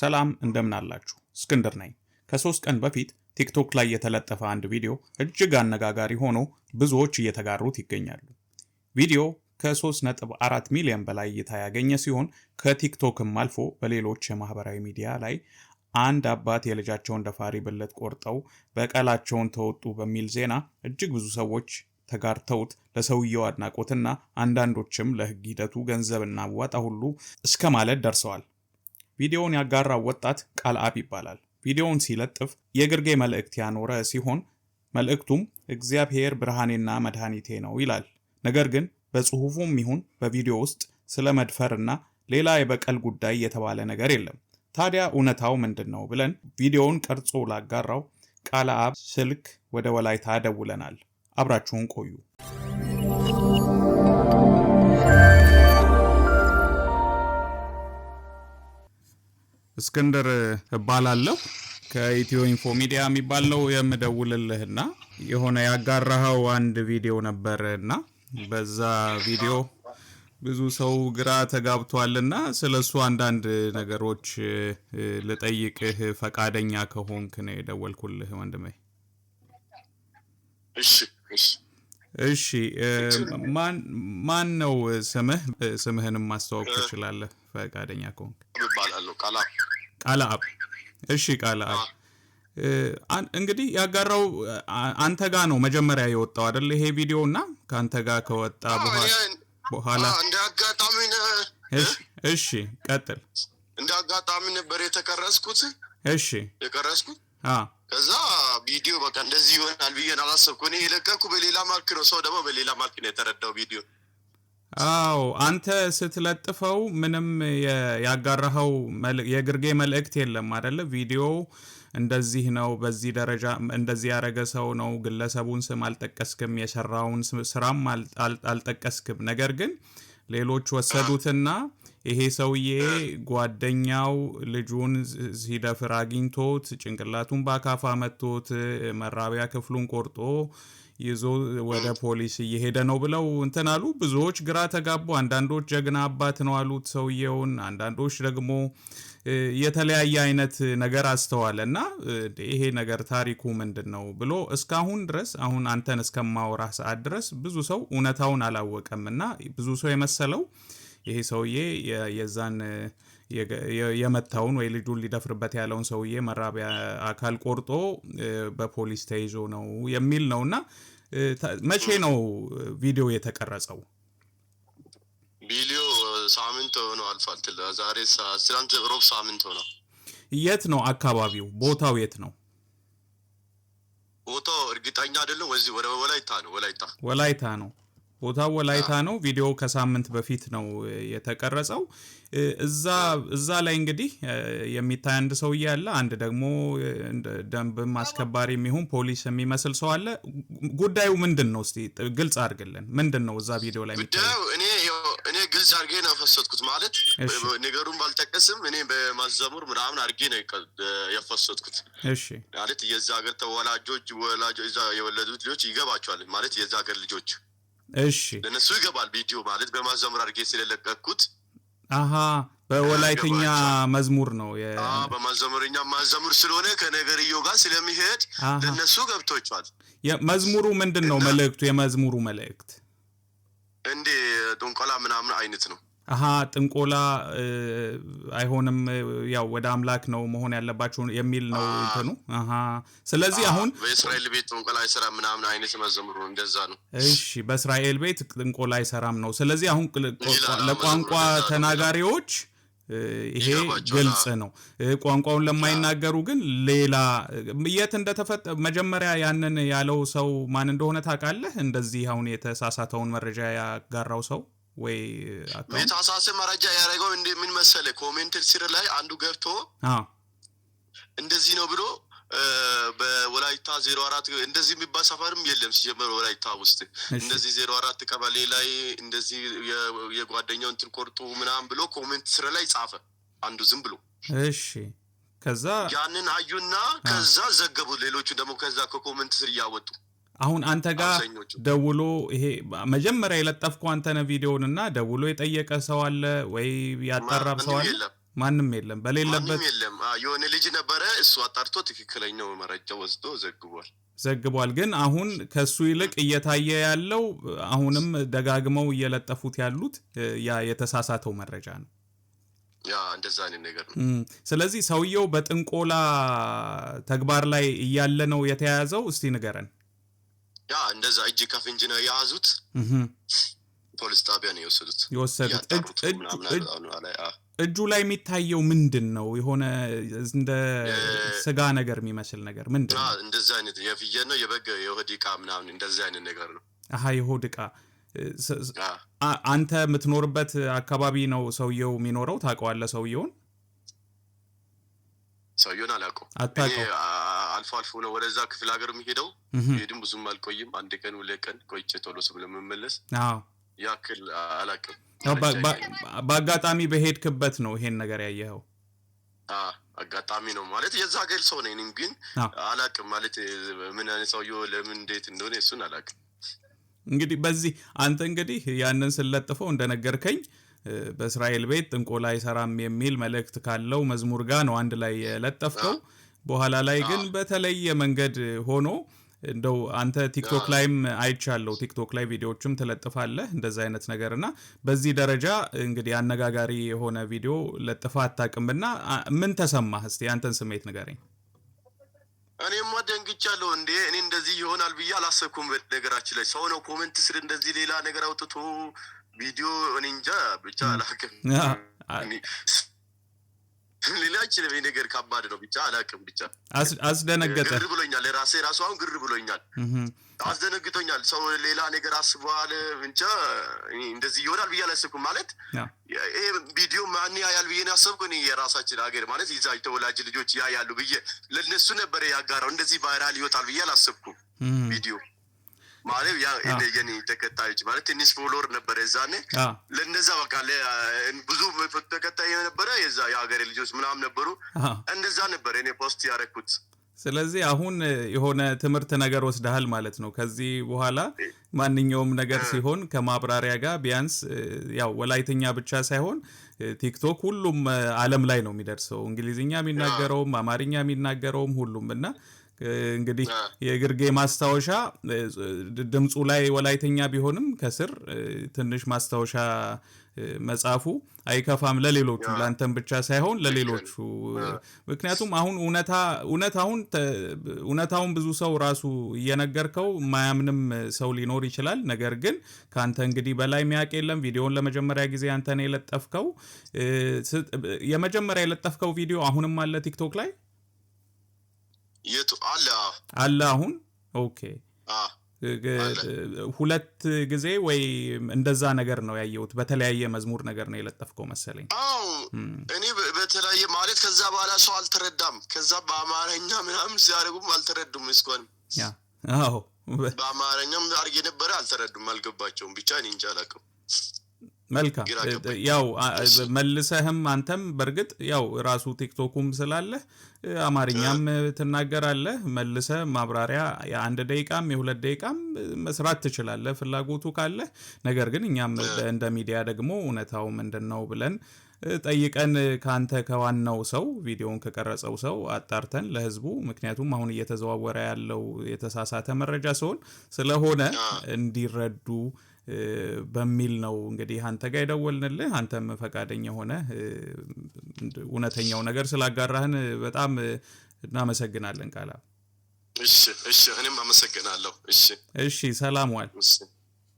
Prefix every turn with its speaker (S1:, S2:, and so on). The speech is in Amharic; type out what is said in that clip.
S1: ሰላም እንደምን አላችሁ? እስክንድር ነኝ። ከሶስት ቀን በፊት ቲክቶክ ላይ የተለጠፈ አንድ ቪዲዮ እጅግ አነጋጋሪ ሆኖ ብዙዎች እየተጋሩት ይገኛሉ። ቪዲዮ ከ3.4 ሚሊዮን በላይ እይታ ያገኘ ሲሆን ከቲክቶክም አልፎ በሌሎች የማህበራዊ ሚዲያ ላይ አንድ አባት የልጃቸውን ደፋሪ ብልት ቆርጠው በቀላቸውን ተወጡ በሚል ዜና እጅግ ብዙ ሰዎች ተጋርተውት ለሰውየው አድናቆትና አንዳንዶችም ለሕግ ሂደቱ ገንዘብ እናዋጣ ሁሉ እስከ ማለት ደርሰዋል። ቪዲዮውን ያጋራው ወጣት ቃል አብ ይባላል። ቪዲዮውን ሲለጥፍ የግርጌ መልእክት ያኖረ ሲሆን መልእክቱም እግዚአብሔር ብርሃኔና መድኃኒቴ ነው ይላል። ነገር ግን በጽሁፉም ይሁን በቪዲዮ ውስጥ ስለ መድፈርና ሌላ የበቀል ጉዳይ የተባለ ነገር የለም። ታዲያ እውነታው ምንድን ነው ብለን ቪዲዮውን ቀርጾ ላጋራው ቃለ አብ ስልክ ወደ ወላይታ ደውለናል። አብራችሁን ቆዩ። እስክንድር እባላለሁ። ከኢትዮ ኢንፎ ሚዲያ የሚባል ነው የምደውልልህና የሆነ ያጋራኸው አንድ ቪዲዮ ነበር እና በዛ ቪዲዮ ብዙ ሰው ግራ ተጋብቷልና ስለ እሱ አንዳንድ ነገሮች ልጠይቅህ ፈቃደኛ ከሆንክ ነው የደወልኩልህ ወንድሜ። እሺ፣ ማን ነው ስምህ? ስምህንም ማስተዋወቅ ትችላለህ ፈቃደኛ ከሆንክ።
S2: ይባላለሁ ቃላ
S1: ቃለ አብ እሺ ቃለ አብ እንግዲህ ያጋራው አንተ ጋር ነው መጀመሪያ የወጣው አይደል? ይሄ ቪዲዮ እና ከአንተ ጋር ከወጣ
S2: በኋላ እንደ አጋጣሚ
S1: እሺ፣ ቀጥል።
S2: እንደ አጋጣሚ ነበር የተቀረጽኩት። እሺ፣ የቀረጽኩት ከዛ ቪዲዮ በቃ እንደዚህ ይሆናል ብዬን አላሰብኩ። እኔ የለቀኩ በሌላ ማልክ ነው፣ ሰው ደግሞ በሌላ ማልክ ነው የተረዳው ቪዲዮ
S1: አዎ አንተ ስትለጥፈው ምንም ያጋራኸው የግርጌ መልእክት የለም አደለ? ቪዲዮ እንደዚህ ነው፣ በዚህ ደረጃ እንደዚህ ያደረገ ሰው ነው። ግለሰቡን ስም አልጠቀስክም፣ የሰራውን ስራም አልጠቀስክም። ነገር ግን ሌሎች ወሰዱትና ይሄ ሰውዬ ጓደኛው ልጁን ሲደፍር አግኝቶት ጭንቅላቱን በአካፋ መቶት መራቢያ ክፍሉን ቆርጦ ይዞ ወደ ፖሊስ እየሄደ ነው ብለው እንትን አሉ። ብዙዎች ግራ ተጋቡ። አንዳንዶች ጀግና አባት ነው አሉት ሰውየውን፣ አንዳንዶች ደግሞ የተለያየ አይነት ነገር አስተዋለ እና ይሄ ነገር ታሪኩ ምንድን ነው ብሎ እስካሁን ድረስ አሁን አንተን እስከማወራ ሰዓት ድረስ ብዙ ሰው እውነታውን አላወቀም እና ብዙ ሰው የመሰለው ይሄ ሰውዬ የዛን የመታውን ወይ ልጁን ሊደፍርበት ያለውን ሰውዬ መራቢያ አካል ቆርጦ በፖሊስ ተይዞ ነው የሚል ነው። እና መቼ ነው ቪዲዮ የተቀረጸው?
S2: ቪዲዮ ሳምንት ሆኖ አልፏል። ዛሬ ትናንት ሮብ ሳምንት ሆኖ።
S1: የት ነው አካባቢው? ቦታው የት ነው?
S2: ቦታው እርግጠኛ አይደለም። ወላይታ ነው። ወላይታ
S1: ወላይታ ነው። ቦታው ወላይታ ነው። ቪዲዮ ከሳምንት በፊት ነው የተቀረጸው። እዛ ላይ እንግዲህ የሚታይ አንድ ሰው እያለ አንድ ደግሞ ደንብ አስከባሪ የሚሆን ፖሊስ የሚመስል ሰው አለ። ጉዳዩ ምንድን ነው? እስቲ ግልጽ አድርግልን። ምንድን ነው እዛ ቪዲዮ ላይ
S2: እኔ ግልጽ አድርጌ ነው ያፈሰጥኩት። ማለት ነገሩን ባልጠቀስም እኔ በማዘሙር ምናምን አድርጌ ነው ያፈሰጥኩት። ማለት የዛ ሀገር ተወላጆች ወላጆ የወለዱት ልጆች ይገባቸዋል። ማለት የዛ ሀገር ልጆች እሺ ለእነሱ ይገባል። ቪዲዮ ማለት በማዘምር አድርጌ ስለለቀኩት
S1: አሀ በወላይተኛ መዝሙር ነው
S2: በማዘምርኛ ማዘሙር ስለሆነ ከነገርየው ጋር ስለሚሄድ ለእነሱ ገብቶቸዋል
S1: መዝሙሩ ምንድን ነው መልእክቱ? የመዝሙሩ መልእክት
S2: እንዴ ዶንቆላ ምናምን አይነት ነው
S1: አሀ ጥንቆላ አይሆንም፣ ያው ወደ አምላክ ነው መሆን ያለባቸው የሚል ነው እንትኑ። ስለዚህ አሁን
S2: በእስራኤል ቤት ጥንቆላ አይሰራም ምናምን አይነት መዘምሩ እንደዛ ነው።
S1: እሺ፣ በእስራኤል ቤት ጥንቆላ አይሰራም ነው። ስለዚህ አሁን ለቋንቋ ተናጋሪዎች ይሄ ግልጽ ነው። ቋንቋውን ለማይናገሩ ግን ሌላ የት እንደተፈጠ መጀመሪያ ያንን ያለው ሰው ማን እንደሆነ ታውቃለህ? እንደዚህ አሁን የተሳሳተውን መረጃ ያጋራው ሰው ወይ
S2: የተሳሳተ መረጃ ያደረገው ምን መሰለ፣ ኮሜንት ስር ላይ አንዱ ገብቶ እንደዚህ ነው ብሎ በወላይታ ዜሮ አራት እንደዚህ የሚባል ሰፈርም የለም ሲጀመር ወላይታ ውስጥ እንደዚህ ዜሮ አራት ቀበሌ ላይ እንደዚህ የጓደኛው እንትን ቆርጡ ምናምን ብሎ ኮሜንት ስር ላይ ጻፈ አንዱ ዝም ብሎ።
S1: እሺ ከዛ
S2: ያንን አዩና ከዛ ዘገቡ ሌሎቹ ደግሞ ከዛ ከኮሜንት ስር እያወጡ
S1: አሁን አንተ ጋር ደውሎ ይሄ መጀመሪያ የለጠፍከው አንተነህ ቪዲዮውን እና ደውሎ የጠየቀ ሰው አለ ወይ ያጠራብ ሰው አለ? ማንም የለም። በሌለበት
S2: የሆነ ልጅ ነበረ፣ እሱ አጣርቶ ትክክለኛው መረጃ ወስዶ ዘግቧል
S1: ዘግቧል። ግን አሁን ከሱ ይልቅ እየታየ ያለው አሁንም ደጋግመው እየለጠፉት ያሉት ያ የተሳሳተው መረጃ ነው።
S2: ያ እንደዛ አይነት ነገር ነው።
S1: ስለዚህ ሰውየው በጥንቆላ ተግባር ላይ እያለ ነው የተያያዘው። እስቲ ንገረን።
S2: ያ እንደዛ እጅ ከፍንጅ ነው የያዙት። ፖሊስ ጣቢያ ነው የወሰዱት
S1: የወሰዱት። እጁ ላይ የሚታየው ምንድን ነው? የሆነ እንደ ስጋ ነገር የሚመስል ነገር ምንድን ነው?
S2: እንደዚ አይነት የፍየል ነው የበግ የሆድ እቃ ምናምን እንደዚ አይነት ነገር ነው።
S1: አሀ የሆድ ዕቃ። አንተ የምትኖርበት አካባቢ ነው ሰውየው የሚኖረው? ታውቀዋለህ ሰውየውን?
S2: ሰውየውን አላውቀውም። አታውቀውም? አልፎ አልፎ ነው ወደዛ ክፍል ሀገር የሚሄደው። ሄድም ብዙም አልቆይም፣ አንድ ቀን ሁለት ቀን ቆይቼ ቶሎ ስለምመለስ ያክል አላቅም።
S1: በአጋጣሚ በሄድክበት ነው ይሄን ነገር ያየኸው?
S2: አጋጣሚ ነው ማለት የዛ ሀገር ሰው ነኝ፣ ግን አላቅም ማለት ምን አይነት ሰውዬው ለምን እንዴት እንደሆነ እሱን አላቅም።
S1: እንግዲህ በዚህ አንተ እንግዲህ ያንን ስለጥፈው እንደነገርከኝ በእስራኤል ቤት ጥንቆላ አይሰራም የሚል መልእክት ካለው መዝሙር ጋር ነው አንድ ላይ የለጠፍከው። በኋላ ላይ ግን በተለየ መንገድ ሆኖ እንደው አንተ ቲክቶክ ላይም አይቻለሁ። ቲክቶክ ላይ ቪዲዮዎችም ትለጥፋለህ እንደዚ አይነት ነገር እና በዚህ ደረጃ እንግዲህ አነጋጋሪ የሆነ ቪዲዮ ለጥፋ አታውቅም እና ምን ተሰማህ? እስቲ አንተን ስሜት ንገረኝ።
S2: እኔማ ደንግቻለሁ እንዴ እኔ እንደዚህ ይሆናል ብዬ አላሰብኩም። ነገራችን ላይ ሰው ነው ኮመንት ስር እንደዚህ ሌላ ነገር አውጥቶ ቪዲዮ እኔ እንጃ ብቻ አላውቅም ሌላ አይችልም። ይህ ነገር ከባድ ነው። ብቻ አላውቅም። ብቻ አስደነገጠ ግር ብሎኛል። ራሴ ራሱ አሁን ግር ብሎኛል፣ አስደነግጦኛል። ሰው ሌላ ነገር አስበዋል። ብቻ እንደዚህ ይሆናል ብዬ አላሰብኩም። ማለት ይሄ ቪዲዮ ማን ያያል ብዬ ያሰብኩ የራሳችን ሀገር ማለት ይዛ ተወላጅ ልጆች ያያሉ ብዬ ለነሱ ነበር ያጋራው። እንደዚህ ቫይራል ይወጣል ብዬ አላሰብኩም ቪዲዮ ማለት ያ የኔ ተከታዮች ማለት ትንሽ ፎሎወር ነበረ የዛኔ ለእነዛ በቃ ብዙ ተከታይ የነበረ የዛ የሀገሬ ልጆች ምናም ነበሩ። እንደዛ ነበር እኔ ፖስት ያደረኩት።
S1: ስለዚህ አሁን የሆነ ትምህርት ነገር ወስደሃል ማለት ነው። ከዚህ በኋላ ማንኛውም ነገር ሲሆን ከማብራሪያ ጋር ቢያንስ ያው ወላይተኛ ብቻ ሳይሆን ቲክቶክ ሁሉም አለም ላይ ነው የሚደርሰው እንግሊዝኛ የሚናገረውም አማርኛ የሚናገረውም ሁሉም እና እንግዲህ የግርጌ ማስታወሻ ድምፁ ላይ ወላይተኛ ቢሆንም ከስር ትንሽ ማስታወሻ መጻፉ አይከፋም ለሌሎቹ ለአንተም ብቻ ሳይሆን ለሌሎቹ። ምክንያቱም አሁን እውነት አሁን እውነታውን ብዙ ሰው ራሱ እየነገርከው ማያምንም ሰው ሊኖር ይችላል። ነገር ግን ከአንተ እንግዲህ በላይ ሚያቅ የለም። ቪዲዮን ለመጀመሪያ ጊዜ አንተን የለጠፍከው። የመጀመሪያ የለጠፍከው ቪዲዮ አሁንም አለ ቲክቶክ ላይ የቱ አለ አለ አሁን ኦኬ ሁለት ጊዜ ወይ እንደዛ ነገር ነው ያየሁት። በተለያየ መዝሙር ነገር ነው የለጠፍከው መሰለኝ።
S2: አዎ እኔ በተለያየ ማለት ከዛ በኋላ ሰው አልተረዳም። ከዛ በአማረኛ ምናምን ሲያደርጉም አልተረዱም። እስኳንም አዎ በአማርኛም አድርጌ ነበረ አልተረዱም፣ አልገባቸውም። ብቻ እኔ እንጃ አላውቅም።
S1: መልካም ያው መልሰህም አንተም በእርግጥ ያው ራሱ ቲክቶኩም ስላለህ አማርኛም ትናገራለህ። መልሰ ማብራሪያ የአንድ ደቂቃም የሁለት ደቂቃም መስራት ትችላለህ ፍላጎቱ ካለህ። ነገር ግን እኛም እንደ ሚዲያ ደግሞ እውነታው ምንድን ነው ብለን ጠይቀን ከአንተ ከዋናው ሰው ቪዲዮውን ከቀረጸው ሰው አጣርተን ለህዝቡ፣ ምክንያቱም አሁን እየተዘዋወረ ያለው የተሳሳተ መረጃ ሲሆን ስለሆነ እንዲረዱ በሚል ነው እንግዲህ አንተ ጋር የደወልንልህ። አንተም ፈቃደኛ ሆነ እውነተኛው ነገር ስላጋራህን በጣም እናመሰግናለን ቃላ።
S2: እሺ እሺ፣ እኔም አመሰግናለሁ። እሺ
S1: እሺ፣ ሰላም ዋል።